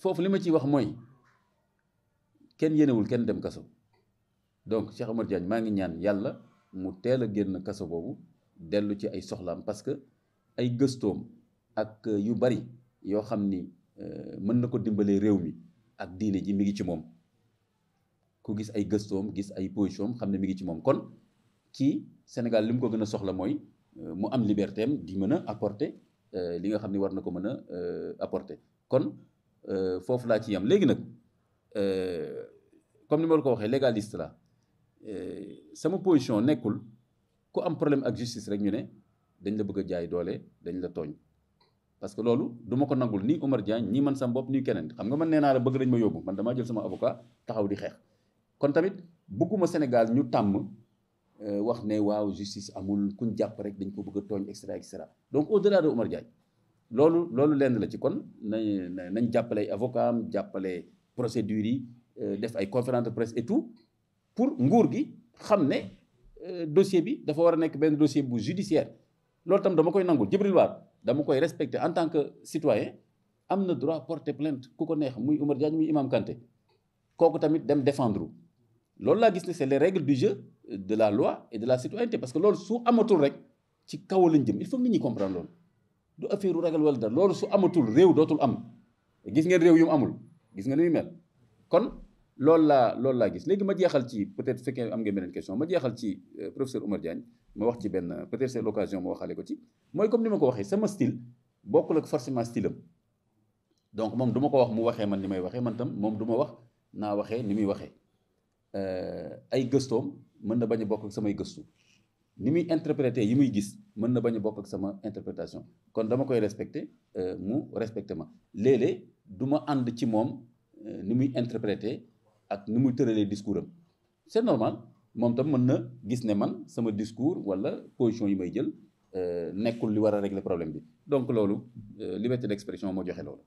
foofu li ma ciy wax mooy kenn yéenewul kenn dem kaso donc Cheikh Omar Diagne maa ngi ñaan yàlla mu teel a génn kaso boobu dellu ci ay soxlaam parce que ay gëstoom ak euh, yu bari yoo xam ni euh, mën na ko dimbalee réew mi ak diine ji mi ngi ci moom ku gis ay gëstoom gis ay position xam ne mi ngi ci moom kon kii senegal li mu ko gën a soxla mooy euh, mu am liberté di mën a apporter Euh, li nga xam ni war na ko mën a euh, apporter kon euh, foofu laa ci yam léegi nag comme ni ma la ko waxee légaliste la sama position nekkul ku am problème ak justice rek ñu ne dañ la bëgg a jaay doole dañ la tooñ parce que loolu du ma ko nangul ni Omar Diagne ñi man sama bopp ni keneen xam nga man nee naa la bëgg nañ ma yóbbu man damaa jël sama avocat taxaw di xeex kon tamit bëgguma Sénégal ñu tàmm Euh, wax ne waaw justice amul kuñ jàpp rek dañ ko bëgg a tooñ et cetera donc au delà de Omar loolu loolu lenn la ci kon nañ nañ jàppale ay avocat am jàppale procédures yi euh, def ay conférence de et tout pour nguur gi xam ne euh, dossier bi dafa war a nekk benn dossier bu judiciaire loolu tam dama koy nangu Djibril War dama koy respecter en tant que citoyen am na droit porté plainte ku ko neex muy Omar Diagne muy Imam Kanté kooku tamit dem défendre loolu laa gis ne c'est les du jeu de la loi et de la citoyenneté parce que loolu su amatul rek ci kaw lañ jëm il faut nit ñi comprendre loolu du affaire u ragal wala dara loolu su amatul réew dootul am gis ngeen réew yu mu amul gis nga ni muy mel kon loolu laa loolu laa gis léegi ma jeexal ci peut-être fekkee am ngeen beneen question ma jeexal ci euh, professeur Oumar Diagne ma wax ci benn peut-être c'est l'occasion ma waxaale ko ci mooy comme ni ma ko waxee sama style bokkul ak forcément style am donc moom du ma ko wax mu waxee man ni may waxee man tam moom du ma wax naa waxee ni muy waxee euh, ay gëstoom mën na bañ a bokk ak samay gëstu ni muy interprété yi muy gis mën na bañ a bokk ak sama interprétation kon dama koy respecté euh, mu respecté ma léeg-léeg du ma ànd ci moom euh, ni muy interprété ak ni mu tëralee discours am c'est normal moom tam mën na gis ne man sama discours wala position yi may jël euh, nekkul li war a régler problème bi donc loolu liberté d'expression moo joxe loolu